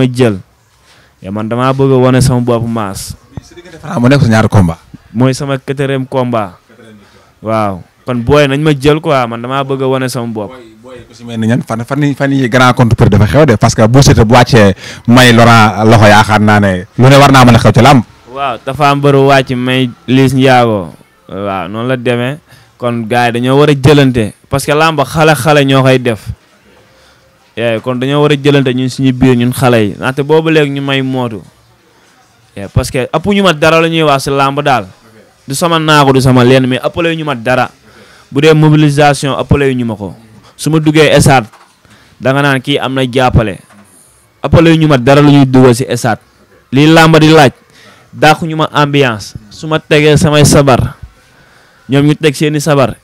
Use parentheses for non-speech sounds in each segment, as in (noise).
ma jël man damaa bëgg a wane sama bopp maas. mu nekk sa ñaari combat. mooy sama quatrième combat. waaw kon booy nañ ma jël quoi man damaa bëgg a wane sama bopp. booy ku si mel ni ñan fan fan fan yii grand compte pour dafa xew de parce que bu seetee bu wàccee may Laurent loxo yaakaar naa ne lu ne war naa mën a xew ci làmb. waaw dafa am wàcc may Liss Ndiago waaw noonu la demee kon gars dañoo war a jëlante parce que làmb xale-xale ñoo koy def. kon dañoo war a jëlante ñun suñu biir ñun xale yi ndaxte boobu léegi ñu may mootu parce que ëpp ñu mat dara la ñuy wax làmb daal du sama naagu du sama lenn mais ëppale ñu mat dara bu dee mobilisation ëppale ñu ma ko su ma duggee esaat da naan kii am na jàppale ëppale ñu mat dara la ñuy dugal si esaat lii làmb di laaj dàqu ñu ma ambiance su ma tegee samay sabar ñoom ñu teg seeni sabar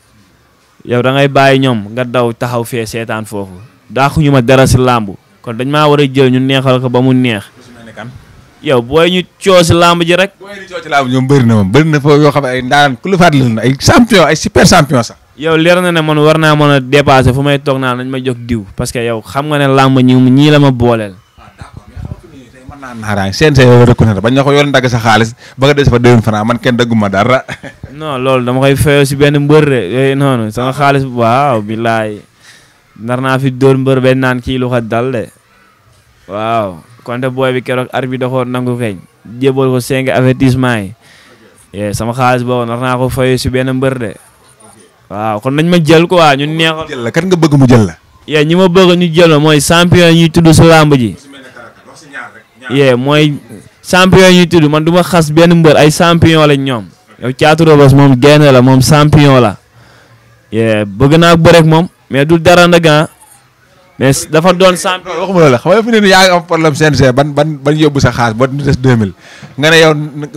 yow dangay ngay bàyyi ñoom nga daw taxaw fee seetaan foofu daaxuñu ma dara si làmb kon dañ ma war a jël ñu neexal ko ba mu neex. yow booy ñu coo si làmb ji rek. booy ñu coo bëri na moom bëri na foofu yoo xam ne lu fàttali na ay champion ay super sax. yow leer na ne man war naa mën a dépasser fu may toog naa nañ ma jox diw parce que yow xam nga ne làmb ñi ñii la ma booleel. Ah, mën bañ na ko yoon dagg sa xaalis ba nga des fa 2000 francs man kenn dagguma dara. non loolu dama koy fayoo si benn mbër eh, non sama ah. xaalis waaw billaay. nar naa fi dóor mbër benn naan kii lu ko dal de waaw konte booy bi keroog ar bi doxoon nangu keñ jébal ko cinq avertissement yi eh, sama xaalis boobu nar naa ko fayu si benn mbër de kon nañ ma jël quoi ñun neexoon. bëgg mu jël la. yee eh, ñi ma bëgg ñu jël mooy champion ñu tudd si làmb ji. yee eh, mooy champion ñuy tudd man du ma xas benn mbër ay champion lañ ñoom. yow Thiatou Rebeuss moom gaynde la moom champion la. yee bëgg naa bëre moom. mais du dara nag a ah. mais dafa doon champion. waxuma la xam fi ne nii yaa ngi am problème CNG ban ban ban yóbbu sa xaas ba du des 2000 nga ne yow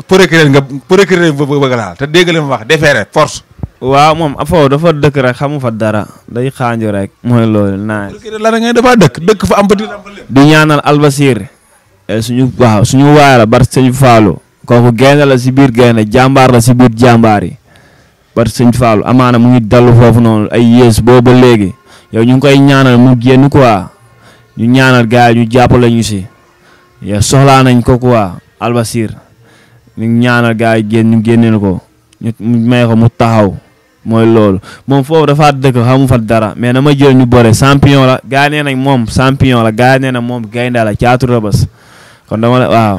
procureur nga procureur nga bëgg laal te dégg li ma wax déféré force. waaw moom afoo ah, dafa dëkk rek xamu fa dara day xaanju rek. mooy loolu naaj. procureur la nga dafa dëkk dëkk fa am ba du ñaanal albasir eh, suñu waaw suñu waay la bar sëñ Fallou kooku gaynde la si biir gaynde jàmbaar la si biir jàmbaar yi. par sëñ Fallou amaana mu ngi dallu foofu noonu ay yées booba léegi yow ñu ngi koy ñaanal mu génn quoi ñu ñaana gars yi ñu jàppale ñu si yow soxlaa nañ ko quoi Albasir ñu ñaanal gars yi génn ñu génneel ko ñu may ko mu taxaw mooy loolu moom foofu dafa dëkk xamu fa dara mais na ma jël ñu bëre champion la gars yi nee nañ moom champion la gars yi nee na moom gaynde la caatu rëbës kon dama la waaw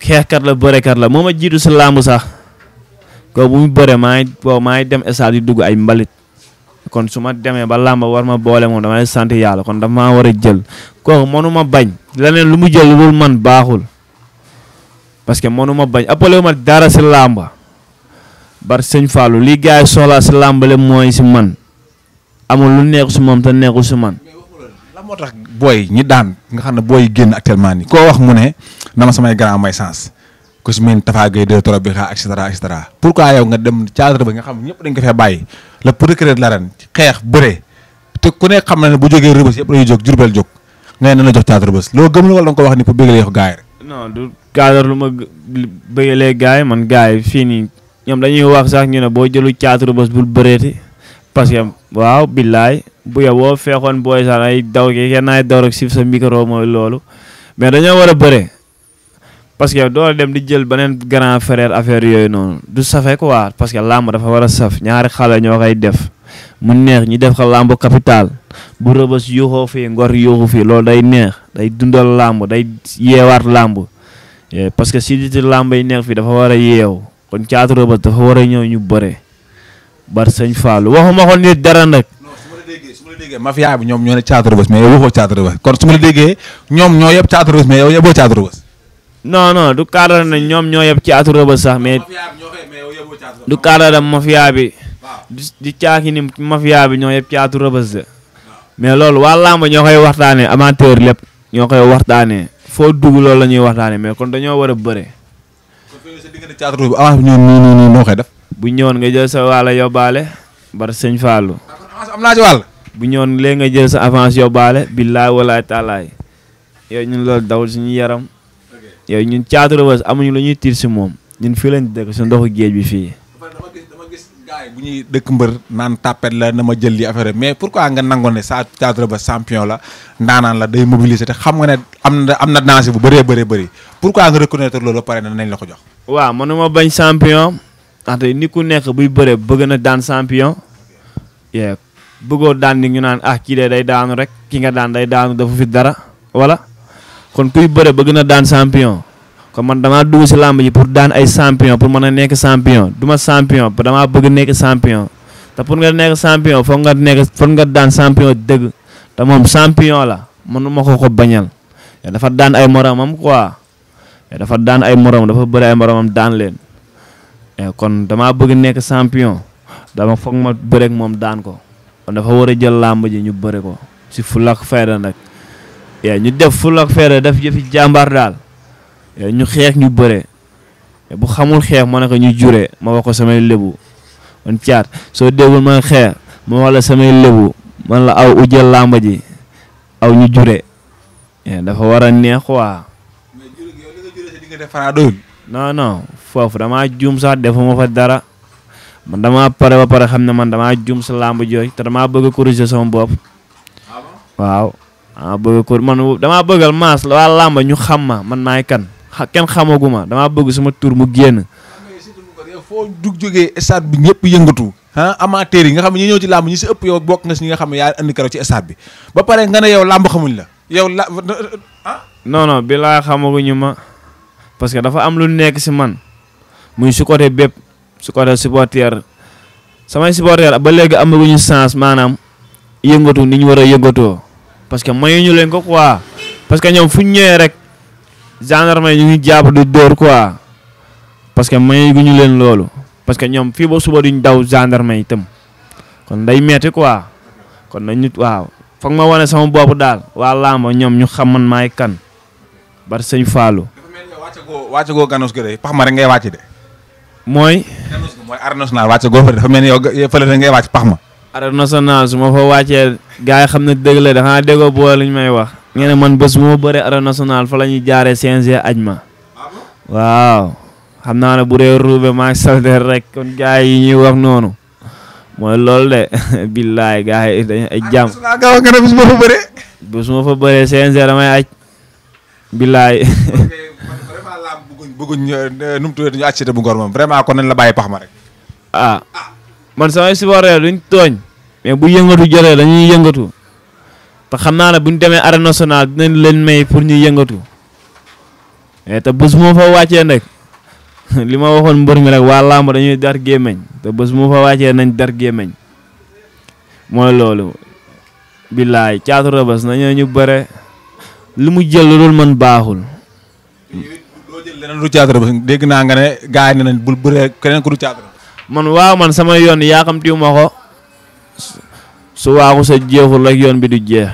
xeexkat la bërekat la moo ma jiitu si kooku mu bëree maay boobu maay dem stade di dugg ay mbalit kon su ma demee ba làmba war ma boole moom damay sant yàlla kon daf maa war a jël kooku mënuma bañ leneen lu mu jël lu man baaxul parce que mënuma bañ appelé ma dara si làmba bar sëñ Fallou lii gars yi soxlaa si làmbale mooy si man amul lu neexu si moom te neexu si man. la moo tax booy ñi daan nga xam ne booy génn actuellement nii koo wax mu ne na ma samay grand may sens ku si mel ni Tafa xaa et cetera et cetera pourquoi nga dem cadre nga xam ñëpp dañ ko fee bàyyi le procureur de l'arène xeex bëre te ku ne xam na ne bu jógee rëbës yëpp dañuy jóg jurbel jóg ngay nan la jox cadre bës loo gëm la wala da nga ko wax ni pour bëggalee yox gars ma bëggalee yi man gars fii nii ñoom dañuy wax sax ñu ne boo jëlu cadre bës bul bëreeti parce waaw billaay bu yeboo feexoon booy saan ay daw ki kenn naay daw rek sif sa micro mooy loolu mais dañoo war a parce que yow doo dem di jël beneen grand frère affaire yooyu noonu du safe quoi parce que làmb dafa war a saf ñaari xale ñoo koy def mu neex ñu def ka làmb capital bu rëbës yuuxoo fii ngor yuuxu fii loolu day neex day dundal làmb day yeewaat làmb eh, parce que si di làmb yi neex fii dafa war a yeew kon caatu rëbës dafa war a ñëw ñu bëre bar sëñ Fallou waxuma ko nit dara nag. su ma la déggee mafia bi ñoom ñoo ne caatu rëbës mais yow waxoo ñoom ñoo yëpp caatu rëbës mais non non du cadre na ñoom ñoo yeb ci atu rëbës sax mais du cadre na mafia bi di caaki ni mafia bi ñoo yeb ci atu mais loolu waa làmb ñoo koy waxtaanee amateur lépp ñoo koy waxtaanee foo dugg loolu la ñuy waxtaanee mais kon dañoo war a bëre. bu ñëwoon nga jël sa wàll yóbbaale bar sëñ Fallou. Ah, am naa bu ñëwoon léegi nga jël sa avance yóbbaale billaay walaay taalaay yooyu ñun loolu dawul suñu yaram. yooyu ñun Thiatou Rebeus amuñu lu ñuy tiir si moom ñun fii lañ dëkk suñu ndoxu géej bi fii. dama gis dama bu ñuy dëkk mbër naan tàppet la na ma jël li affaire mais pourquoi nga nangoo ne saa Thiatou Rebeus champion la ndaanaan la day mobiliser te xam nga ne am na am na danger bu bëree bëree bëri pourquoi nga reconnaître loolu ba pare ne la ko jox. waaw mënuma bañ champion ndaxte ni ku nekk buy bëree bëgg na daan champion. bëggoo daan ni ñu naan ah kii de day daanu rek ki nga daan day daanu dafa fi dara wala. kon kuy bëre bëgg na daan champion kon man damaa dugg si làmb ji pour daan ay champion pour mën a nekk champion du ma champion damaa bëgg nekk champion te pour nga nekk champion foog nga nekk foog nga daan champion dëgg te moom champion la mënuma ko ko bañal dafa daan ay moromam quoi dafa daan ay morom dafa bëre ay moromam daan leen kon damaa bëgg nekk champion dama foog ma bëreek moom daan ko kon dafa war a jël làmb ji ñu bëri ko si fulak fayda nag yaa ñu def ful ak feere def yëfi jàmbaar daal ñu xeex ñu bëre bu xamul xeex ma ne ko ñu jure ma wax ko samay lébu soo déggul ma xeex ma wax la samay aw ujjal làmba ji aw ñu jure dafa war a neex quoi. mais jure non non foofu damaa juum sax defuma fa dara man dama pare ba pare xam ne man damaa jum sa làmb jooy te damaa bëgg a corriger bopp ah waaw. ah bëgg ko man damaa bëggal maas la waa làmba ñu xam ma man maay kan kenn xamagu damaa bëgg suma tuur mu génn. foo dug jógee stade bi ñëpp yëngatu ah amateur yi nga xam ne ñi ñëw ci làmb ñu si ëpp yow bokk nga si ñi nga xam ne yaa andi keroog ci stade bi ba pare nga ne yow làmb xamuñ la yow la ah. non non bi laa ma parce que dafa am lu nekk si man muy su côté bépp su côté supporter samay supporter ba léegi amaguñu sens maanaam yëngatu ni ñu war a yëngatoo. parce que ñu leen ko quoi parce que ñoom fu ñu ñëwee rek gendarme yi ñu ngi jàpp du dóor quoi parce que mayuñu leen loolu parce que ñoom fii ba suba duñ daw gendarme yi itam kon day metti quoi kon nañ nit waaw foog ma wane sama bopp daal waa làmb ñoom ñu xam man maay kan bar sëñ Fallou. pax ma rek ngay wàcce de. mooy. Ganos mooy arrondissement wàcce goo fële rek ngay wàcc pax ma. arène nationale su ma fa wàccee gars yi xam ne dëgg la dangaa déggoo booy lañ may wax ngeen ne man bés bu ma bëree arène nationale fa la ñuy jaaree CNG aj ma waaw xam naa ne bu dee ruube maa salder rek kon gars yi ñuy wax noonu mooy loolu de (laughs) billaay gars yi dañu ay jàmm bés fa bëree bés ma fa bëree CNG damay aj billaay (laughs) bëgguñ bëgguñ euh, nu mu tuddee ñu àcc bu ngor moom vraiment kon nañ la bàyyi pax ma rek ah. Ah. man samay supporters duñ tooñ mais bu yëngatu jotee dañuy yëngatu te xam naa ne buñ demee arène di dinañ leen may pour ñu yëngatu mais te bés bu ma fa wàccee nag (laughs) li ma waxoon mbër mi rek waa dañuy dar gémmeñ te bés ma fa nañ dar gémmeñ mooy loolu billaay caatu rëbës nañoo ñu bëre lu mu jël loolu man baaxul. leneen du caatu rëbës dégg naa nga ne gars nañ bul bëree keneen ku du man waaw man sama yoon yaaxamtiwu ma ko su waaxu sa jeexul rek yoon bi du jeex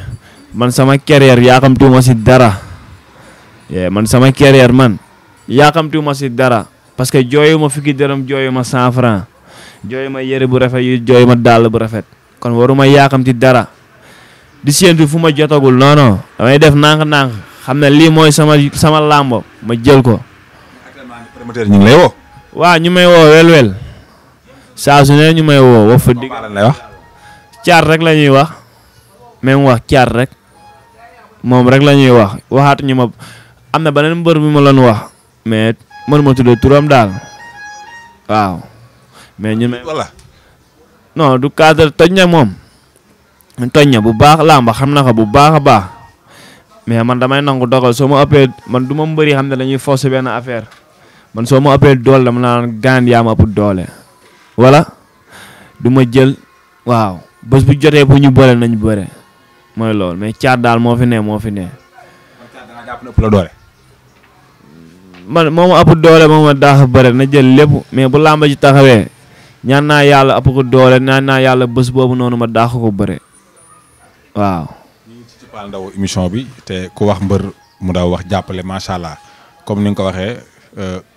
man sama carrière yaaxamtiwu ma si dara man sama carrière man yaaxamtiwu ma si dara parce que jooyu ma fukki dërëm jooyu ma cent franc jooyu ma yére bu rafet yu jooyu ma dàll bu rafet kon waru waruma yaaxamti dara di séentu fu ma jotagul non non def nànk-nànk xam ne lii mooy sama sama làmbo ma jël ko. promoteur ñu may woo wel wel. saa su ne ñu may woo wax fa digg rek la ñuy wax même wax caat rek moom rek la ñuy wax waxaat ñu ma am na beneen mbër bi ma loon wax mais mënu ma daal waaw mais ñu may wala non du cadre toj na moom toj na bu baax làmba xam na ko bu baax a baax mais man damay nangu dogal soo ma ëppee man du ma mbëri xam ne dañuy forcer benn affaire man soo ma ëppee doole dama naan gaan yaa ma ëpp doole wala du ma jël waaw bës bu jotee bu ñu bëre nañ bëre mooy loolu mais caat daal moo fi ne moo fi ne. man moom app doole moom a daax bëre na jël lépp mais bu làmba ji taxawee ñaan naa yàlla ëpp ko doole ñaan naa yàlla bés boobu noonu ma daax ko bëre waaw. ñu ci Pall Ndaw émission bi te ku wax mbër mu daw wax jàppale macha allah comme ni nga ko waxee euh,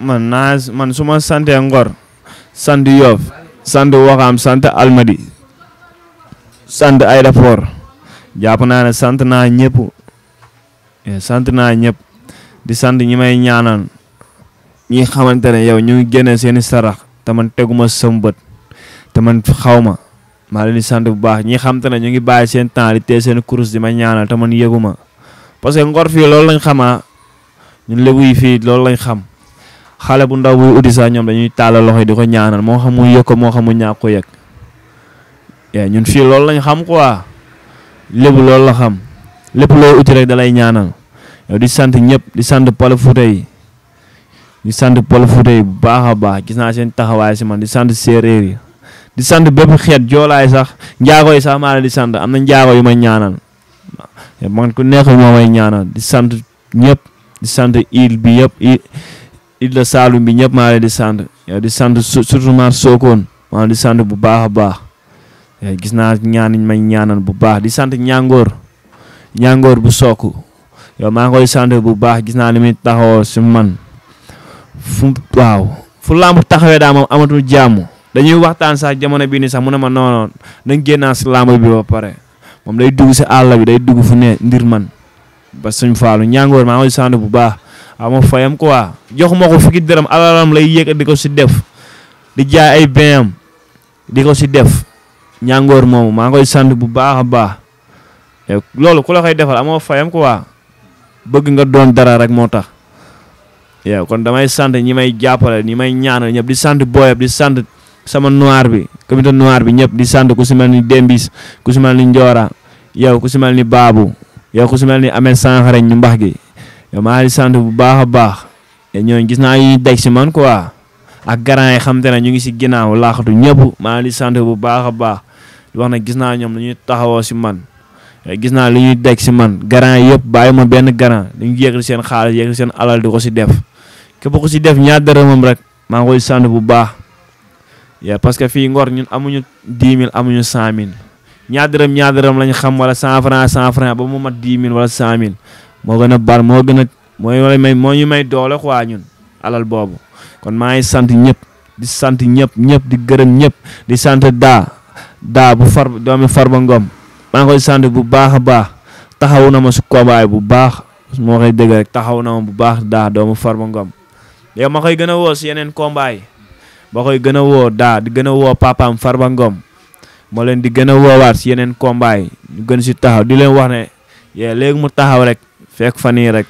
man naa man su ma santee Ngor sant Yoff sant Waxaam sant Almadi sant Aéroport jàpp naa ne sant naa ñëpp eh, sant naa ñëpp di sant ñi may ñaanal ñi xamante ne yow ñu ngi génne seeni sarax te man teguma sam bët te man xaw ma maa leen di sant bu baax ñi xamante ne ñu ngi bàyyi seen temps di tee seen course di ma ñaanal te man yëguma parce que Ngor fi loolu lañ xamaa ñun lébu yi fii loolu lañ xam xale bu ndaw buy auditeurs ñoom dañuy tàllal loxo yi di ko ñaanal moo xam mu yëg ko moo xam mu ñàkk ko yëg eh, ñun fii loolu lañ xam quoi lébu loolu la xam lépp looy uti rek dalay ñaanal di sant ñëpp di sant pol Fuuta yi di sant pol yi bu baax a baax gis naa seen taxawaay si di sant séeréer yi di sant bépp xeet joolaay sax njaago yi sax di sant am na njaago yu may ñaanal eh, man ku nekk moo di sant ñëpp il Idda Saalum bi ñëpp maa leen di sant di sant surtout maa sookoon maa di bu baax a baax gis naa ñaan may ñaanal bu baax di sant ñàngoor ñàngoor bu sook yow maa ngi koy bu baax gis naa li muy taxawoo si man fu waaw fu làmb taxawee daa moom amatul jàmm dañuy waxtaan sax jamono bii nii sax mu ne ma noonoon nañ génnaa si làmb bi ba pare moom day dugg si àll bi day dugg fu ne ndir man ba suñ faalu ñàngoor maa ngi koy bu baax ama fayam quoi jox ma ko fukki dërëm alalam lay yëg di ko si def di jaay ay benam di ko si def ñàngoor moomu maa ngi koy sant bu baax a baax eh, loolu ku la koy defal amoo ko waa bëgg nga doon dara rek moo tax yow kon damay sant ñi may jàppale ñi may ñaanal ñëpp di sant booyab di sant sama noir bi comité noir bi ñëpp di sant ku si mel ni Dembis ku si mel ni Ndiora yow ku si mel ni Babou yow ku si mel ni Amel Sankhare ñu mbax gi yow maa ngi sant bu baax a baax ñooñu gis naa ñuy deg si man quoi ak garant yi xam te ne ñu ngi si ginnaaw laaxatu ñëpp maa li sant bu baax a baax di wax ne gis naa ñoom lu taxawoo si man gis naa lu ñuy deg si man garant yëpp bàyyi ma benn garant dañu yëkkati seen xaalis yëkkati seen alal di ko si def képp ko si def ñaar dërëmam rek maa ngi koy sant bu baax ya parce que fii Ngor ñu amuñu 10 000 amuñu 100 000 ñaar dërëm ñaar dërëm lañ xam wala 100 francs 100 francs ba mu mat 10 000 wala 100 moo gën a bar moo gën a mooy wala may moo ñu may doole quoi ñun alal boobu kon maa ngi sant ñëpp di sant ñëpp ñëpp di gërëm ñëpp di sant daa daa bu far doomi Farba Ngom maa ngi koy sant bu baax a baax taxaw na ma si kobaay bu baax moo koy dëgg rek taxaw na ma bu baax daa doomu Farba Ngom yow ma koy gën a woo si yeneen combat yi koy gën a woo daa di gën a woo papaam Farba Ngom moo leen di gën a woowaat si yeneen combat yi ñu gën si taxaw di leen wax ne yee léegi mu taxaw rek fekk fan yii rek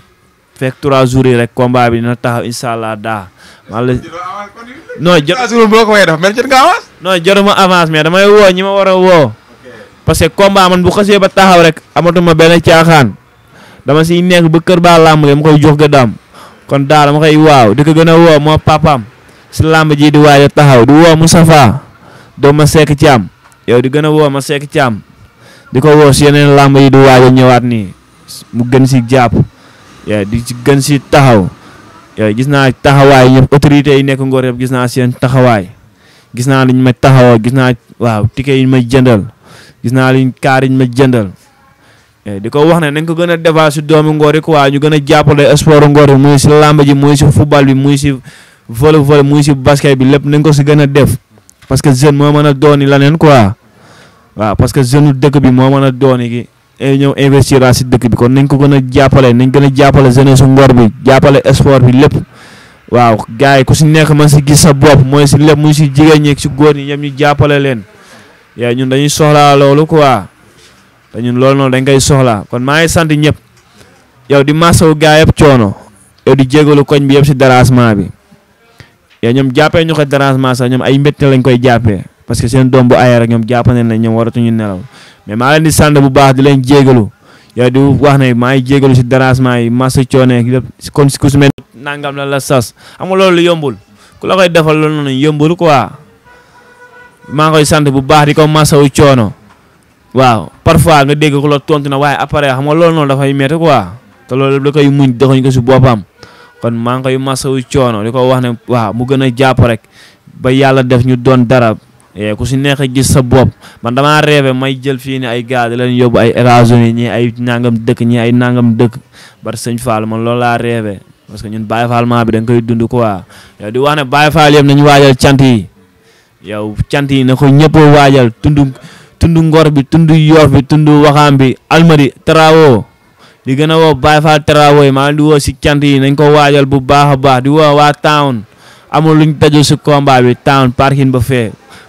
fekk trois jours rek combat bi dina taxaw incha allah daa. maa la avance. non jotuma damay woo ñi ma war a woo. parce que combat man bu xasee ba taxaw rek amatuma benn caaxaan. dama siy nekk ba kër ba lamb ge ma koy jox ga daam kon daa dama koy waaw di ko gën a woo moo papaam si làmb jii di waaj taxaw di woo Moustapha doo ma sekk caam yow di gën a woo ma sekk caam di ko woo si yeneen làmb yi di waaj ñëwaat nii. mu gën si jàpp di ci gën si taxaw gis naa taxawaay yëpp autorités yi nekk Ngor yëpp gis naa seen taxawaay gis naa liñ ma taxawoo gis naa waaw tike yi ma jëndal gis naa liñ kaar yiñ ma jëndal eh, di ko wax ne nañ ko gën a defar si doomu Ngor yi quoi ñu gën a jàppale sport Ngor yi muy si làmb ji muy si football bi muy si volley volley muy si basket bi lépp nañ ko si gën a def parce que jeune moo mën a dooni la neen quoi waaw parce que jeune dëkk bi moo mën a dooni gi Eh, ñëw investir si dëkk bi kon nañ ko gën a jàppale nañ gën a jàppale jeunesse su ngor bi jàppale sport bi lépp waaw gars yi ku si nekk man si gis sa bopp mooy si lépp muy si jigéen ñeeg si góor ñi ñoom ñu jàppale leen yaa ñun dañuy soxlaa loolu ko waa ñun loolu noonu dañ kay soxlaa kon maa sant ñëpp yow di masawu gars yëpp coono yow di jégalu koñ bi yëpp si dérangement bi yaa ñoom jàppee ñu ko dérangement sax ñoom ay mbétte lañ koy jàppee. parce que seen doom bu aye rek ñoom jàpp nañ ne ñoom waratuñu nelaw mais maa leen di sant bu baax di leen jégalu yow di wax si dérangement yi masse coono lépp comme ku su mel nangam la la sas xam nga loolu yombul ku la koy defal loolu noonu yombul quoi maa ngi koy sant bu baax di ko masawu coono la tontu na waaye après xam nga loolu noonu dafay métti quoi te loolu da koy muñ coono di mu gën a jàpp rek ba yàlla def ñu doon dara Eh, ku si neex a gis sa bop man damaa reebe may jël fii ay gars di leen yóbbu ay États-Unis ñi ay nangam dëkk ñi ay nangam dëkk bari sañ Fall ma loolu laa reebe parce que ñun Baye Fall maa bi da nga koy dund quoi yow di wax ne Baye Fall waajal cant yi yow cant yi na ko ñëpp waajal tundu tundu ngor bi tundu yor bi tundu waxaam bi almadi Tarawo di gën a woo Baye Fall Tarawo yi maa di woo si cant nañ ko waajal bu baax a baax di woo waa town amul luñ si combat bi town parking ba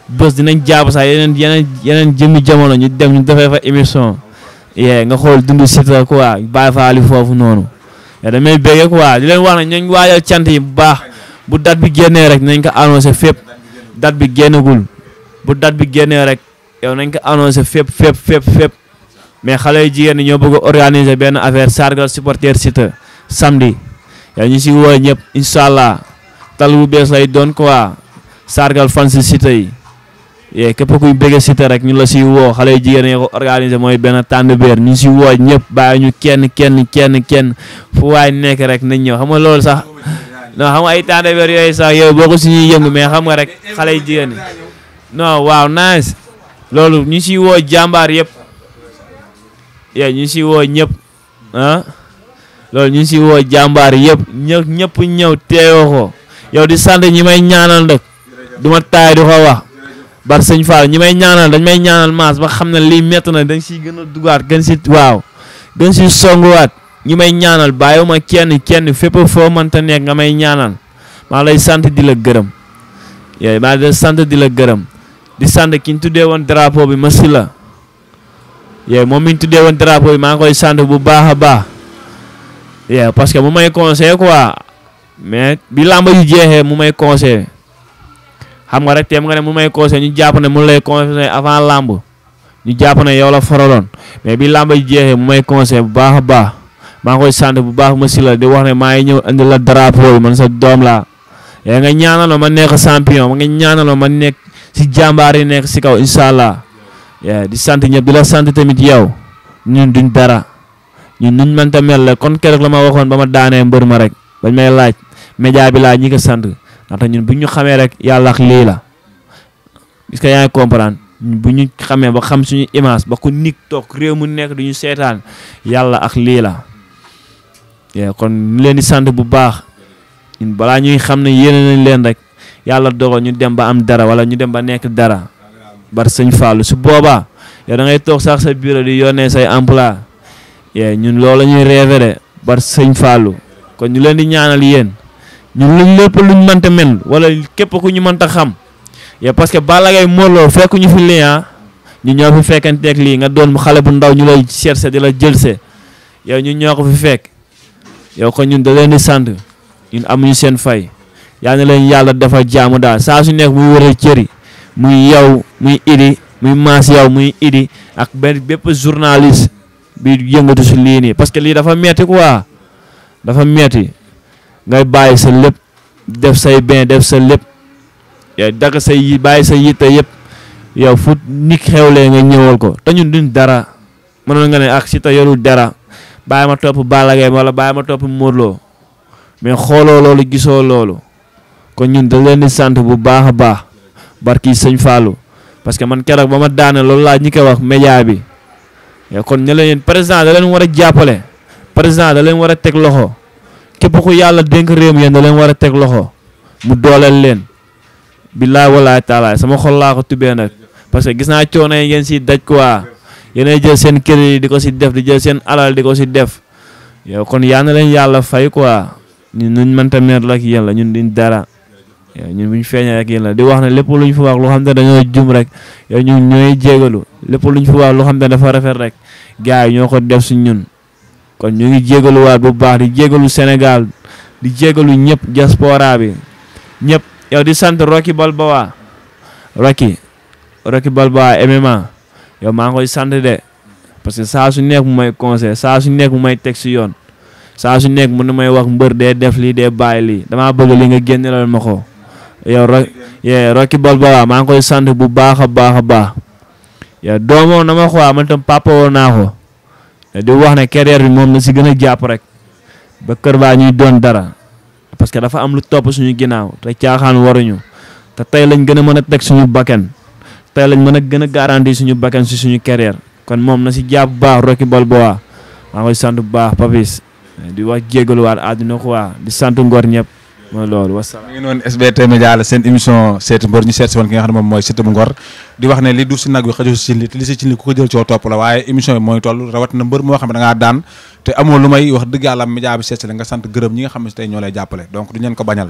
bés dinañ jaabu sax yeneen yeneen yeneen jëmmi jamono ñu dem ñu defee fa émission yee nga xool dund Siteu quoi bàyyi faali foofu noonu damay béggee quoi di leen wax ne ñu waajal cant yi bu baax bu dat bi génnee rek nañ ko annoncé fépp date bi génnagul bu date bi génnee rek nañ ko annoncé fépp fépp fépp fépp mais xale yi jigéen ñi ñoo bëgg a benn affaire sargal supporter Siteu samedi yow ñu si woo ñëpp incha allah tal bu bees lay doon kowaa sargal fan si yi yee eh, képp kuy bëgg Siteu rek ñu la siy woo xale yu jigéen ñi ko organisé mooy benn tànn beer ñu si woo ñëpp baa ñu kenn kenn kenn kenn waay nekk rek nañ ñëw xam nga loolu sax non xam nga ay tànn yooyu sax yow boo yëngu mais xam nga rek xale yu jigéen ñi ñu siy woo jàmbaar yëpp yee ñu si woo ñëpp ah loolu ñu si woo jàmbaar yëpp ñë ñëpp di sant ñi may ñaanal nag du ma taay bar sëñ Fall ñi may ñaanal dañ may ñaanal maas ba xam na lii métti dañ siy gën a dugaat gën si waaw gën si songuwaat ñi may ñaanal bàyyiwuma kenn kenn fépp foo mënta nekk nga may ñaanal maa lay sant di la gërëm yooyu maa lay sant di la gërëm di sant kiñ ñu tuddee woon drapeau bi masi la yooyu moom mi ñu tuddee woon drapeau bi maa ngi koy sant bu baax a baax yooyu parce que mu may conseil quoi mais bi làmba yu jeexee mu may conseil xam nga rek teem nga ne mu may conseil ñu jàpp ne mu lay conseil avant lamb ñu jàpp ne yow la faraloon mais bi làmb ji jeexee mu may conseil bu baax a baax maa ngi koy sant bu baax ma si di wax na maa ngi ñëw indi la drapeau bi man sa doom laa ñaanaloo ma nekk champion ma nga ñaanaloo ma nekk si jàmbaar yi nekk si kaw incha allah di sant ñëpp di la sant tamit yow ñun duñ dara ñun nuñ mënta mel la kon keroog la ma waxoon ba ma daanee mbër ma rek bañ may laaj média bi laa ñi ko sant. ndax te ñun bu ñu xamee rek yàlla ak lii la est-ce que bu ñu xamee ba xam suñu image ba ku nit toog réew mu nekk duñu seetaan yàlla ak lii la kon ñu leen di sant bu baax ñun balaa ñuy xam ne yéene nañ leen rek yàlla dogal ñu dem ba am dara wala ñu dem ba nekk dara bar sëñ falo su boobaa yow da ngay toog sax sa bureau di yónnee say emploi ñun loolu la ñuy rêvé bar sëñ falo kon ñu leen di ñaanal yéen ñun luñ lépp luñ wala képp ku ñu mënta xam ya parce que Balla Gaye Modou Lô ñu fi lii ah ñu ñoo fi fekkanteeg lii nga doon xale bu ndaw ñu lay chercher di la jëlse yow ñun ñoo ko fi fekk yow kon ñun da di sant ñun seen fay yaa ngi leen yàlla dafa jaamu daal saa su nekk muy wëree cëri muy yow muy idi muy maas yow muy idi ak benn bépp journaliste bi yëngatu si lii nii parce que lii dafa metti quoi dafa metti ngay bàyyi sa lépp def say benn def sa lépp yow dagg say bàyyi sa yitte yëpp yow fu nit xewlee nga ñëwal ko te ñun duñ dara mënoon nga ne ak ah, si te yorul dara bàyyi ma topp Balla Gaye walla bàyyi ma topp Modou Lo mais xooloo loolu gisoo loolu kon ñun da leen di sant bu baax a baax barki sëñ Fallou parce que man keroog ba ma daane loolu laa ñu koy wax média bi kon ne leen président da leen war a jàppale président da leen war a teg loxo. képp ku yàlla dénk réew mi yéen da leen war a teg loxo mu dooleel leen billaay walaay taalaay sama xol laa ko nag parce que gis naa coono yi ngeen si daj quoi yéenay jël seen kër yi di ko si def di jël seen alal di ko si def yow kon yaa na leen yàlla fay quoi ñun nuñ mënta mer la ak ñun duñ dara ñun buñ feeñee ak yéen di wax ne lépp lu ñu ne dañoo jum rek yow ñun ñooy lépp luñ fi wax lu xam ne dafa rafet rek gars yi ñoo ko def si ñun. kon ñu ngi jégaluwaat bu baax di jégalu Sénégal di jégalu ñëpp diaspora bi ñëpp yow di sant Rocky Balboa Rocky Rocky Balboa MMA yow maa ngi koy sant de parce que saa su nekk mu may conseil saa su nekk mu may teg si yoon saa su nekk mun na may wax mbër dee def lii dee bàyyi lii damaa bëgg li nga génnelal ma ko Rocky Rocky maa ngi koy sant bu baax a baax a baax yow doomoon na ma xoolee man naa ko. di wax ne carrière bi moom na si gën a jàpp rek ba kër baa ñuy doon dara parce que dafa am lu topp suñu ginnaaw te caaxaan waruñu te tey lañ gën a mën a teg suñu baken tey lañ mën a gën a garanti suñu bakken si suñu carrière kon moom na si jàpp baax Rocky Balboa maa ngi koy sant bu baax Papis di wax jégaluwaat àdduna ko waa di sant ngor ñëpp. mooy loolu wasalaam. mi ngi noonu SBT Média seen émission seeti mbër ñu seet si woon ki nga xam ne moom mooy Siteu bu Ngor di wax ne li duuf si nag bi xajul si si na mbër moo xam ne da ngaa daan te amoo lu may wax dëgg yàlla média bi nga xam si tey ko bañal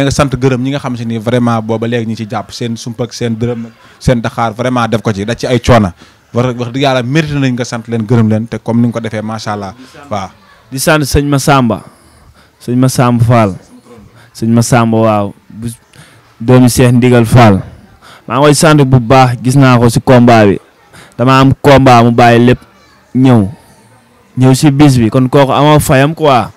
parce vraiment booba léegi ñi ci jàpp seen sumpak seen dërëm seen daxaar vraiment def ko ci da ci ay coona war wax dëgg yàlla mérité nañ nga sant leen gërëm leen te comme ni nga ko defee macha allah waaw. di sant sëñ Massamba sëñ Massamba Fall sëñ Massamba waaw bu doomi Seex Ndigal Fall maa koy sant bu baax gis naa ko si combat bi dama am combat mu bàyyi lépp ñëw ñëw si bis bi kon kooku amoo fayam quoi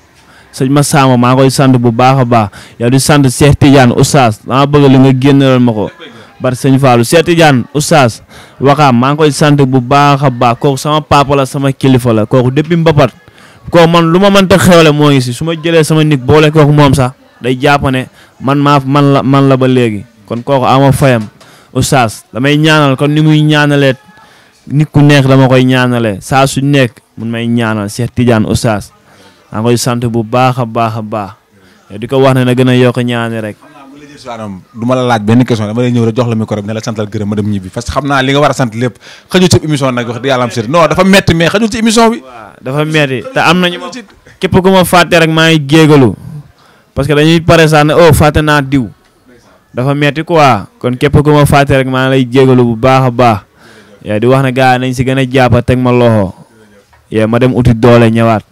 sëñ Massamba maa ngi koy sant bu baax a baax yow di sant Seex Tidiane Oustaz dama bëgg li nga génneloon ma ko. bar sëñ Fallou Cheikh Tidiane oustaz waxaam maa ngi koy sant bu baax a baax kooku sama papa sama kilifa la kooku depuis mbapat kooku man lu ma mënta xewle moo ngi si su ma jëlee sama nit boole kooku moom sax day jàpp ne man maa man la man la ba léegi kon kooku ama fayam oustaz damay ñaanal kon ni muy ñaanalee nit ku neex dama koy ñaanalee saa su nekk mun may ñaanal Cheikh Tidiane oustaz maa ngi koy sant bu baax a baax a baax di ko wax na gën a yokk ñaani rek. soiram ma la laaj benn question dama lay ñëw rek jox la micro ne la santal gërëm ma dem ñibbi parce xam naa li nga war a sant lépp xëjul ci émission nag di yàlla am seet non dafa metti mais xëjul rek maa ngi jéegalu parce que dañuy pare sax ne oh naa diw dafa metti quoi kon képp ko ma fàtte rek maa lay jéegalu bu baax a baax yaa di wax ne gars nañ si gën a jàppa teg ma loxo yee ma dem uti doole ñëwaat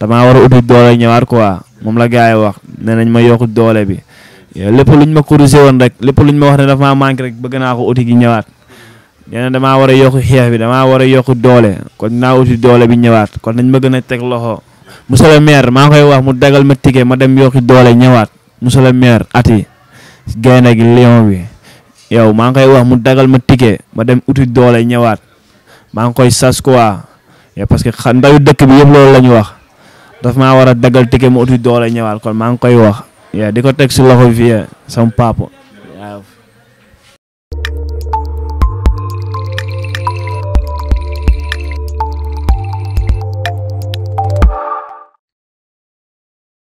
damaa war a uti doole ko waa moom la gaa yi wax ne nañ ma yokk doole bi lépp luñ ma corrigé woon rek lépp luñ ma wax ne dafa maa manqué rek bëgg naa ko uti gi ñëwaat nee na damaa war a yokk xeex bi damaa war a yokk doole kon naa uti doole bi ñëwaat kon nañ ma gën a teg loxo monsieur le maire maa koy wax mu dagal ma ticket ma dem yokki doole ñëwaat monsieur le maire ati gaynde gi lion bi yow maa ngi koy wax mu dagal ma ticket ma dem uti doole ñëwaat maa ngi koy sas quoi parce que ndaw dëkk bi yëpp lool la ñu wax daf maa war a dagal ticket ma uti doole ñëwaat kon maa ngi koy wax. di ko teg si loxo vie sama papa